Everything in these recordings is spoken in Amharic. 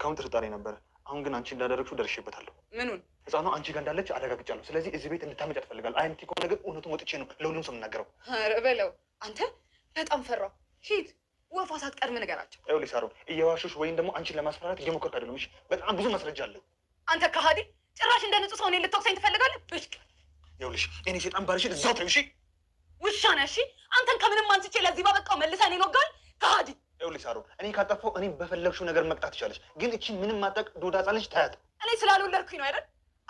እስካሁን ጥርጣሬ ነበረ። አሁን ግን አንቺ እንዳደረግሽው ደርሼበታለሁ። ምኑን? ህፃኗ አንቺ ጋር እንዳለች አረጋግጫለሁ። ስለዚህ እዚህ ቤት እንድታመጫ ትፈልጋል። አይነት ከሆነ ግን እውነቱን ወጥቼ ነው ለሁሉም ሰው የምናገረው። ኧረ በለው አንተ። በጣም ፈራው። ሂድ ወፋ ሳትቀድም ንገራቸው። ይኸውልሽ ሳሮን፣ እየዋሾሽ ወይም ደግሞ አንቺን ለማስፈራራት እየሞከርኩ አይደለም። እሺ፣ በጣም ብዙ ማስረጃ አለሁ። አንተ ከሃዲ፣ ጭራሽ እንደ ንጹህ ሰው እኔን ልታውቅሰኝ ትፈልጋለህ? ብሽቅ። ይኸውልሽ እኔ ሴጣን ባልሽን እዛው ተይው። እሺ፣ ውሻ ነህ። እሺ፣ አንተን ከምንም አንስቼ ለዚህ ባበቃው መልሰን ይኖጋል። ወጋል። ከሃዲ ይኸውልሽ ሳሮን፣ እኔ ካጠፋው እኔ በፈለግሽው ነገር መቅጣት ትችላለሽ። ግን እቺ ምንም ማጠቅ ዶዳ ህጻን ታያት። እኔ ስላልወለድኩኝ ነው አይደል?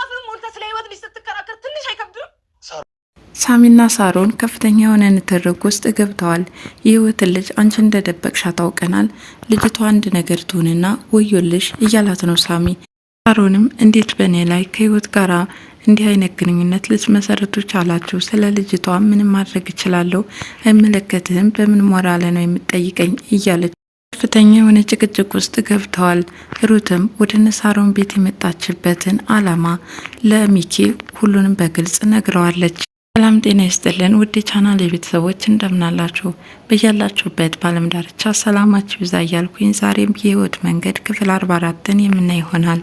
አፍም ሞልተህ ስለ ህይወት ልጅ ስትከራከር ትንሽ አይከብድም? ሳሚና ሳሮን ከፍተኛ የሆነ ንትርክ ውስጥ ገብተዋል። የህይወትን ልጅ አንቺ እንደደበቅሻ ታውቀናል። ልጅቷ አንድ ነገር ትሁንና ወዮልሽ እያላት ነው ሳሚ። ሳሮንም እንዴት በእኔ ላይ ከህይወት ጋራ እንዲህ አይነት ግንኙነት መሰረቶች ቻላችሁ? ስለ ልጅቷ ምንም ማድረግ እችላለሁ፣ አይመለከትህም፣ በምን ሞራል ነው የምጠይቀኝ? እያለች ከፍተኛ የሆነ ጭቅጭቅ ውስጥ ገብተዋል። ሩትም ወደ ነሳሮን ቤት የመጣችበትን አላማ ለሚኪ ሁሉንም በግልጽ ነግረዋለች። ሰላም ጤና ይስጥልን ውድ ቻናል የቤተሰቦች እንደምናላችሁ በያላችሁበት ባለም ዳርቻ ሰላማችሁ ይብዛ እያልኩኝ ዛሬም የህይወት መንገድ ክፍል አርባ አራትን የምናይ ይሆናል።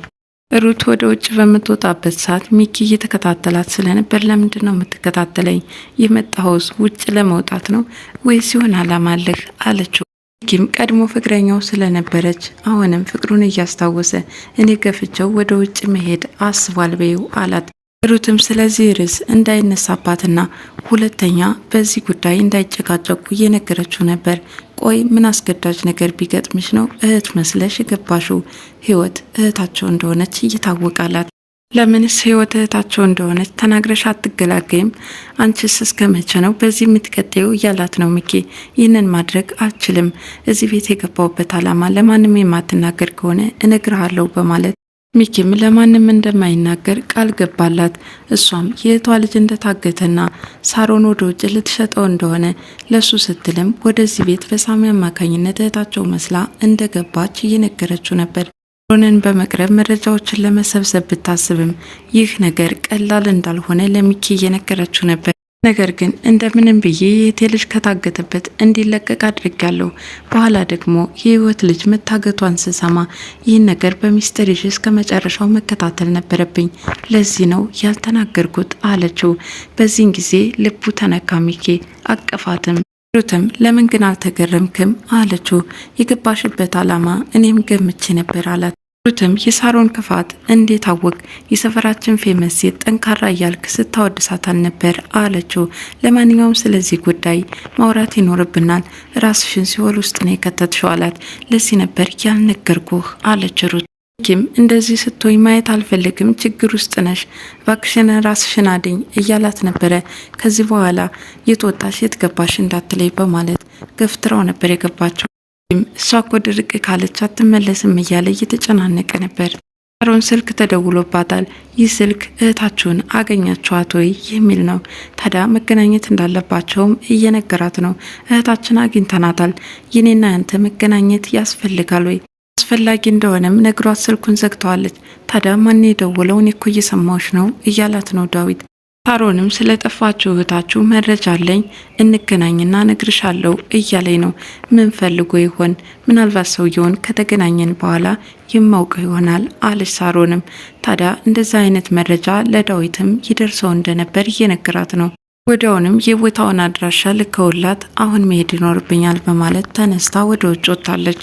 ሩት ወደ ውጭ በምትወጣበት ሰዓት ሚኪ እየተከታተላት ስለነበር ለምንድን ነው የምትከታተለኝ? የመጣኸውስ ውጭ ለመውጣት ነው ወይስ ይሆን አላማ አለህ? አለችው። ሚኪም ቀድሞ ፍቅረኛው ስለነበረች አሁንም ፍቅሩን እያስታወሰ እኔ ገፍቼው ወደ ውጭ መሄድ አስቧል በይው አላት። ሩትም ስለዚህ ርዕስ እንዳይነሳባትና ሁለተኛ በዚህ ጉዳይ እንዳይጨቃጨቁ እየነገረችው ነበር። ቆይ ምን አስገዳጅ ነገር ቢገጥምሽ ነው እህት መስለሽ የገባሽው? ህይወት እህታቸው እንደሆነች እየታወቃላት ለምንስ ህይወት እህታቸው እንደሆነች ተናግረሽ አትገላገይም? አንቺስ እስከ መቼ ነው በዚህ የምትቀጤው? እያላት ነው ሚኪ። ይህንን ማድረግ አልችልም፣ እዚህ ቤት የገባውበት አላማ ለማንም የማትናገር ከሆነ እነግርሃለሁ በማለት ሚኪም ለማንም እንደማይናገር ቃል ገባላት። እሷም የእህቷ ልጅ እንደታገተና ሳሮን ወደ ውጭ ልትሸጠው እንደሆነ ለሱ ስትልም ወደዚህ ቤት በሳሚ አማካኝነት እህታቸው መስላ እንደገባች እየነገረችው ነበር። ሳሮንን በመቅረብ መረጃዎችን ለመሰብሰብ ብታስብም ይህ ነገር ቀላል እንዳልሆነ ለሚኪ እየነገረችው ነበር። ነገር ግን እንደምንም ብዬ የእህቴ ልጅ ከታገተበት እንዲለቀቅ አድርጊያለሁ። በኋላ ደግሞ የህይወት ልጅ መታገቷን ስሰማ ይህን ነገር በሚስጥር ይዤ እስከ መጨረሻው መከታተል ነበረብኝ። ለዚህ ነው ያልተናገርኩት አለችው። በዚህን ጊዜ ልቡ ተነካ። ሚኪ አቀፋትም ሩትም ለምን ግን አልተገረምክም አለችው። የገባሽበት አላማ እኔም ገምቼ ነበር አላት። ሩትም የሳሮን ክፋት እንዴት አወቅ? የሰፈራችን ፌመስ ሴት ጠንካራ እያልክ ስታወድሳታል ነበር አለችው። ለማንኛውም ስለዚህ ጉዳይ ማውራት ይኖርብናል፣ ራስሽን ሲኦል ውስጥ ነው የከተትሽው አላት። ለዚህ ነበር ያልነገርኩህ አለች ሩት። ኪም እንደዚህ ስትሆኝ ማየት አልፈልግም፣ ችግር ውስጥ ነሽ፣ ቫክሽን ራስሽን አድኝ እያላት ነበረ። ከዚህ በኋላ የት ወጣሽ የት ገባሽ እንዳትለይ በማለት ገፍትራው ነበር የገባቸው። እሷ እኮ ድርቅ ካለች አትመለስም እያለ እየተጨናነቀ ነበር። አሮን ስልክ ተደውሎባታል። ይህ ስልክ እህታችሁን አገኛችኋት ወይ የሚል ነው። ታዲያ መገናኘት እንዳለባቸውም እየነገራት ነው። እህታችን አግኝተናታል፣ የኔና ያንተ መገናኘት ያስፈልጋል ወይ አስፈላጊ እንደሆነም ነግሯት ስልኩን ዘግተዋለች። ታዲያ ማን የደወለው? እኔ እኮ እየሰማዎች ነው እያላት ነው ዳዊት ፓሮንም ስለጠፋችሁ እህታችሁ መረጃ አለኝ እንገናኝና ነግርሻለሁ እያለኝ ነው። ምን ፈልጎ ይሆን? ምናልባት ሰውየውን ከተገናኘን በኋላ የማውቀው ይሆናል አለች። ሳሮንም ታዲያ እንደዛ አይነት መረጃ ለዳዊትም ይደርሰው እንደነበር እየነገራት ነው። ወዲያውንም የቦታውን አድራሻ ልከውላት አሁን መሄድ ይኖርብኛል በማለት ተነስታ ወደ ውጭ ወጥታለች።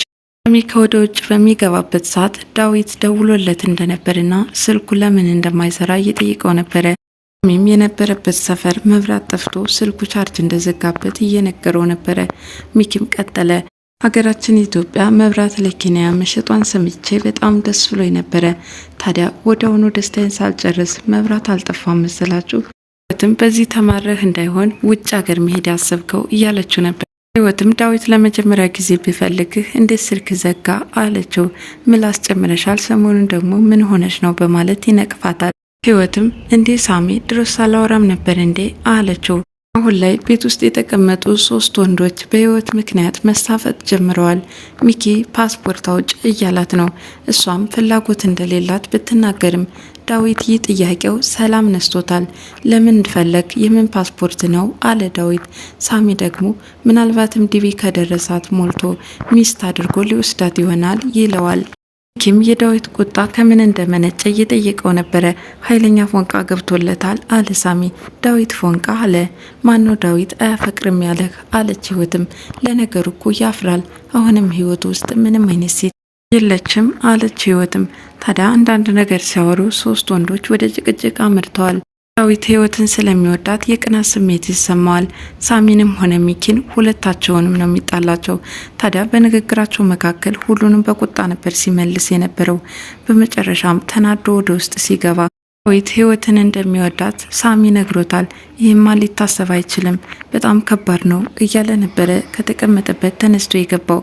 አሜሪካ ከወደ ውጭ በሚገባበት ሰዓት ዳዊት ደውሎለት እንደነበርና ስልኩ ለምን እንደማይሰራ እየጠየቀው ነበረ ሚም የነበረበት ሰፈር መብራት ጠፍቶ ስልኩ ቻርጅ እንደዘጋበት እየነገረው ነበረ። ሚኪም ቀጠለ። ሀገራችን ኢትዮጵያ መብራት ለኬንያ መሸጧን ሰምቼ በጣም ደስ ብሎ ነበረ። ታዲያ ወዲያውኑ ደስታዬን ሳልጨርስ መብራት አልጠፋም መሰላችሁ? ህይወትም በዚህ ተማረህ እንዳይሆን ውጭ ሀገር መሄድ ያሰብከው እያለችው ነበር። ህይወትም ዳዊት ለመጀመሪያ ጊዜ ቢፈልግህ እንዴት ስልክ ዘጋ አለችው። ምላስ ጨምረሻል፣ ሰሞኑን ደግሞ ምን ሆነች ነው በማለት ይነቅፋታል። ህይወትም እንዴ ሳሚ ድረስ አላወራም ነበር እንዴ አለችው። አሁን ላይ ቤት ውስጥ የተቀመጡ ሶስት ወንዶች በህይወት ምክንያት መሳፈጥ ጀምረዋል። ሚኪ ፓስፖርት አውጭ እያላት ነው። እሷም ፍላጎት እንደሌላት ብትናገርም ዳዊት ይህ ጥያቄው ሰላም ነስቶታል። ለምን እንድፈለግ የምን ፓስፖርት ነው አለ ዳዊት። ሳሚ ደግሞ ምናልባትም ዲቪ ከደረሳት ሞልቶ ሚስት አድርጎ ሊወስዳት ይሆናል ይለዋል። ኪም የዳዊት ቁጣ ከምን እንደመነጨ እየጠየቀው ነበረ። ኃይለኛ ፎንቃ ገብቶለታል አለ ሳሚ። ዳዊት ፎንቃ አለ። ማነው ዳዊት አያፈቅርም ያለህ አለች ህይወትም። ለነገሩ እኮ ያፍራል። አሁንም ህይወቱ ውስጥ ምንም አይነት ሴት የለችም አለች ህይወትም። ታዲያ አንዳንድ ነገር ሲያወሩ ሶስት ወንዶች ወደ ጭቅጭቅ አምርተዋል። ዳዊት ህይወትን ስለሚወዳት የቅናት ስሜት ይሰማዋል። ሳሚንም ሆነ ሚኪን ሁለታቸውንም ነው የሚጣላቸው። ታዲያ በንግግራቸው መካከል ሁሉንም በቁጣ ነበር ሲመልስ የነበረው። በመጨረሻም ተናዶ ወደ ውስጥ ሲገባ ዳዊት ህይወትን እንደሚወዳት ሳሚ ነግሮታል። ይህማ ሊታሰብ አይችልም፣ በጣም ከባድ ነው እያለ ነበረ ከተቀመጠበት ተነስቶ የገባው።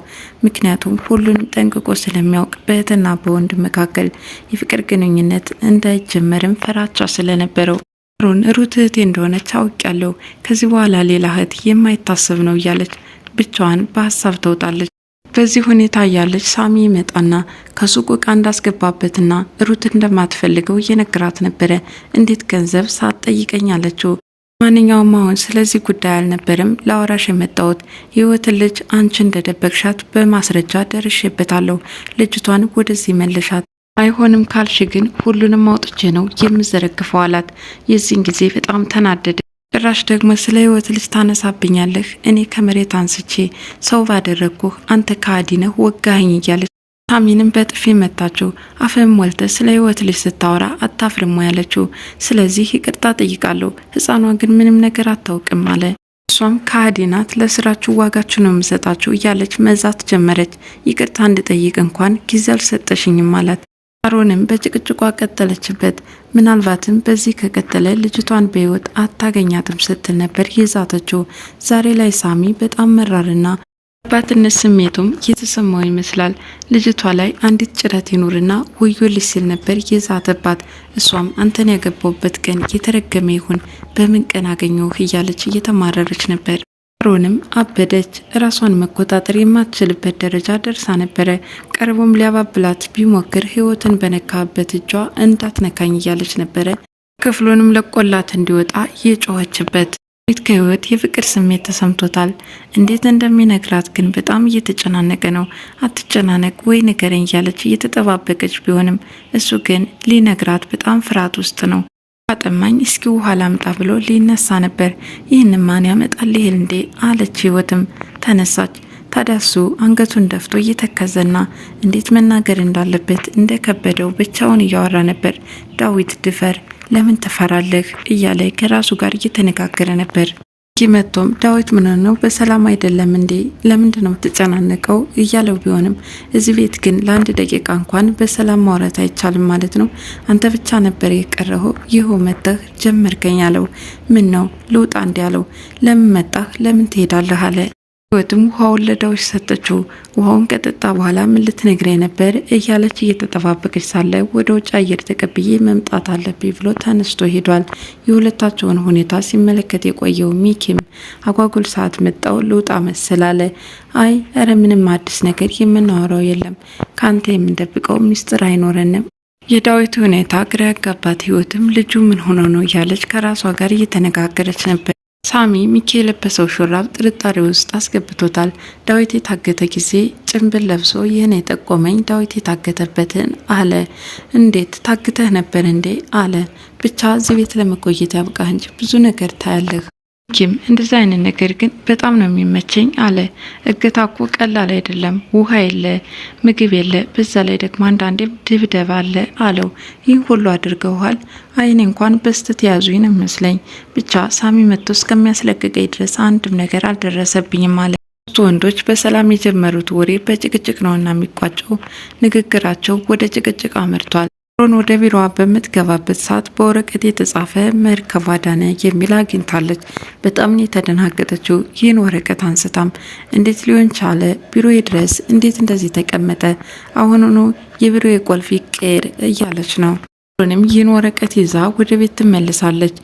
ምክንያቱም ሁሉንም ጠንቅቆ ስለሚያውቅ በእህትና በወንድ መካከል የፍቅር ግንኙነት እንዳይጀመርም ፈራቻ ስለነበረው ሮን ሩት እህቴ እንደሆነች አውቄያለሁ። ከዚህ በኋላ ሌላ እህት የማይታሰብ ነው እያለች ብቻዋን በሀሳብ ተውጣለች። በዚህ ሁኔታ እያለች ሳሚ ይመጣና ከሱቁ ቃ እንዳስገባበትና ሩት እንደማትፈልገው እየነገራት ነበረ። እንዴት ገንዘብ ሳትጠይቀኝ አለችው። ማንኛውም አሁን ስለዚህ ጉዳይ አልነበረም ለአወራሽ የመጣሁት የህይወት ልጅ አንቺ እንደደበቅሻት በማስረጃ ደርሼበታለሁ። ልጅቷን ወደዚህ መልሻት። አይሆንም ካልሽ ግን ሁሉንም አውጥቼ ነው የምዘረግፈው አላት። የዚህን ጊዜ በጣም ተናደደ። ጭራሽ ደግሞ ስለ ህይወት ልጅ ታነሳብኛለህ? እኔ ከመሬት አንስቼ ሰው ባደረግኩህ አንተ ከሃዲ ነህ፣ ወጋኸኝ እያለች ታሚንም በጥፊ መታችው። አፈም ሞልተ ስለ ህይወት ልጅ ስታወራ አታፍርሞ ያለችው። ስለዚህ ይቅርታ ጠይቃለሁ፣ ህፃኗ ግን ምንም ነገር አታውቅም አለ። እሷም ከሃዲ ናት፣ ለስራችሁ ዋጋችሁ ነው የምሰጣችሁ እያለች መዛት ጀመረች። ይቅርታ እንድጠይቅ እንኳን ጊዜ አልሰጠሽኝም አላት። አሮንም በጭቅጭቋ ቀጠለችበት። ምናልባትም በዚህ ከቀጠለ ልጅቷን በህይወት አታገኛትም ስትል ነበር የዛተችው። ዛሬ ላይ ሳሚ በጣም መራርና አባትነት ስሜቱም የተሰማው ይመስላል። ልጅቷ ላይ አንዲት ጭረት ይኑርና ወዮልሽ ሲል ነበር የዛተባት። እሷም አንተን ያገባውበት ቀን የተረገመ ይሁን፣ በምን ቀን አገኘሁህ እያለች እየተማረረች ነበር። ሮንም አበደች። ራሷን መቆጣጠር የማትችልበት ደረጃ ደርሳ ነበረ። ቀርቦም ሊያባብላት ቢሞክር ህይወትን በነካበት እጇ እንዳትነካኝ እያለች ነበረ። ክፍሉንም ለቆላት እንዲወጣ የጮኸችበት ቤት ከህይወት የፍቅር ስሜት ተሰምቶታል። እንዴት እንደሚነግራት ግን በጣም እየተጨናነቀ ነው። አትጨናነቅ ወይ ንገረኝ እያለች እየተጠባበቀች ቢሆንም እሱ ግን ሊነግራት በጣም ፍርሃት ውስጥ ነው። አጠማኝ እስኪ ውሃ ላምጣ ብሎ ሊነሳ ነበር። ይህን ማን ያመጣል ይሄል እንዴ አለች ህይወትም ተነሳች። ታዲያሱ አንገቱን ደፍቶ እየተከዘና እንዴት መናገር እንዳለበት እንደከበደው ብቻውን እያወራ ነበር። ዳዊት ድፈር፣ ለምን ትፈራለህ እያለ ከራሱ ጋር እየተነጋገረ ነበር። መቶም ዳዊት ምን ነው በሰላም አይደለም እንዴ? ለምንድን ነው የምትጨናነቀው? እያለው ቢሆንም እዚህ ቤት ግን ለአንድ ደቂቃ እንኳን በሰላም ማውራት አይቻልም ማለት ነው። አንተ ብቻ ነበር የቀረሁ ይኸው መጥተህ ጀመርከኝ አለው። ምን ነው ልውጣ እንዲ አለው። ለምን መጣህ? ለምን ትሄዳለህ አለ። ህይወትም ውሃ ወለዳዎች ሰጠችው። ውሃውን ከጠጣ በኋላ ምን ልትነግረኝ ነበር እያለች እየተጠባበቀች ሳለ ወደ ውጭ አየር ተቀብዬ መምጣት አለብኝ ብሎ ተነስቶ ሄዷል። የሁለታቸውን ሁኔታ ሲመለከት የቆየው ሚኪም አጓጉል ሰዓት መጣው ልውጣ መሰል አለ። አይ እረ ምንም አዲስ ነገር የምናወራው የለም፣ ከአንተ የምንደብቀው ሚስጥር አይኖረንም። የዳዊት ሁኔታ ግራ ያጋባት ህይወትም ልጁ ምን ሆኖ ነው እያለች ከራሷ ጋር እየተነጋገረች ነበር። ሳሚ ሚኪ የለበሰው ሹራብ ጥርጣሬ ውስጥ አስገብቶታል። ዳዊት የታገተ ጊዜ ጭንብል ለብሶ ይህን የጠቆመኝ ዳዊት የታገተበትን አለ። እንዴት ታግተህ ነበር እንዴ? አለ። ብቻ እዚህ ቤት ለመቆየት ያብቃህ እንጂ ብዙ ነገር ታያለህ። ኪም እንደዚህ አይነት ነገር ግን በጣም ነው የሚመቸኝ አለ። እገታ እኮ ቀላል አይደለም። ውሃ የለ፣ ምግብ የለ፣ በዛ ላይ ደግሞ አንዳንዴም ድብደብ አለ አለው። ይህ ሁሉ አድርገውሃል። አይኔ እንኳን በስተት ያዙኝ ነው መስለኝ። ብቻ ሳሚ መጥቶ እስከሚያስለቅቀኝ ድረስ አንድም ነገር አልደረሰብኝም አለ። ሶስቱ ወንዶች በሰላም የጀመሩት ወሬ በጭቅጭቅ ነውና የሚቋጨው። ንግግራቸው ወደ ጭቅጭቅ አመርቷል። ሮን ወደ ቢሮዋ በምትገባበት ሰዓት በወረቀት የተጻፈ መርከብ አዳነ የሚል አግኝታለች። በጣም ነው የተደናገጠችው። ይህን ወረቀት አንስታም እንዴት ሊሆን ቻለ? ቢሮ ድረስ እንዴት እንደዚህ ተቀመጠ? አሁኑኑ የቢሮ የቆልፊ ይቀየር እያለች ነው። ሮንም ይህን ወረቀት ይዛ ወደ ቤት ትመልሳለች።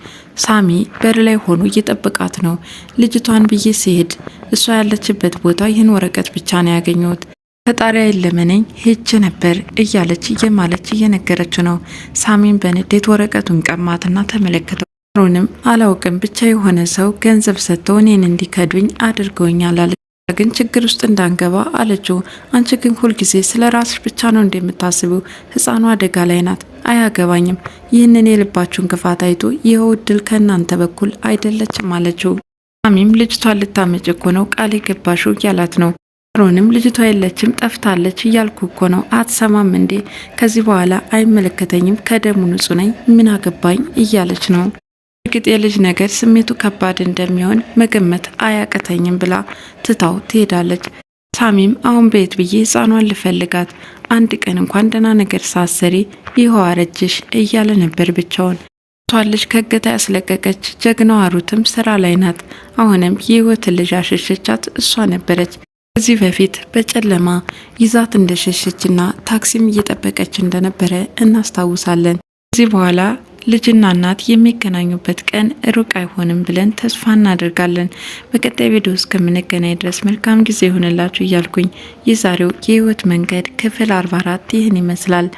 ሳሚ በር ላይ ሆኖ እየጠበቃት ነው። ልጅቷን ብዬ ሲሄድ እሷ ያለችበት ቦታ ይህን ወረቀት ብቻ ነው ያገኘሁት ፈጣሪያ የለመነኝ ሄጄ ነበር እያለች እየማለች እየነገረች ነው። ሳሚን በንዴት ወረቀቱን ቀማትና ተመለከተው። ሩንም አላውቅም ብቻ የሆነ ሰው ገንዘብ ሰጥተው እኔን እንዲከዱኝ አድርገውኛል አለች። ግን ችግር ውስጥ እንዳንገባ አለችው። አንቺ ግን ሁልጊዜ ስለ ራስሽ ብቻ ነው እንደምታስቢው። ህፃኑ አደጋ ላይ ናት። አያገባኝም። ይህንን የልባችሁን ክፋት አይቶ ይኸው እድል ከእናንተ በኩል አይደለችም አለችው። ሳሚም ልጅቷን ልታመጭ እኮ ነው ቃል የገባሽው እያላት ነው ሮንም ልጅቷ የለችም ጠፍታለች እያልኩ እኮ ነው፣ አትሰማም እንዴ? ከዚህ በኋላ አይመለከተኝም፣ ከደሙ ንጹህ ነኝ፣ ምን አገባኝ እያለች ነው። እርግጥ የልጅ ነገር ስሜቱ ከባድ እንደሚሆን መገመት አያቀተኝም ብላ ትታው ትሄዳለች። ሳሚም አሁን በየት ብዬ ህፃኗን ልፈልጋት? አንድ ቀን እንኳን ደህና ነገር ሳሰሪ ይኸው አረጅሽ እያለ ነበር ብቻውን። ቷን ልጅ ከእገታ ያስለቀቀች ጀግናዋ ሩትም ስራ ላይ ናት። አሁንም የህይወትን ልጅ አሸሸቻት እሷ ነበረች። ከዚህ በፊት በጨለማ ይዛት እንደሸሸችና ታክሲም እየጠበቀች እንደነበረ እናስታውሳለን። ከዚህ በኋላ ልጅና እናት የሚገናኙበት ቀን ሩቅ አይሆንም ብለን ተስፋ እናደርጋለን። በቀጣይ ቪዲዮ እስከምንገናኝ ድረስ መልካም ጊዜ ይሆንላችሁ እያልኩኝ የዛሬው የህይወት መንገድ ክፍል 44 ይህን ይመስላል።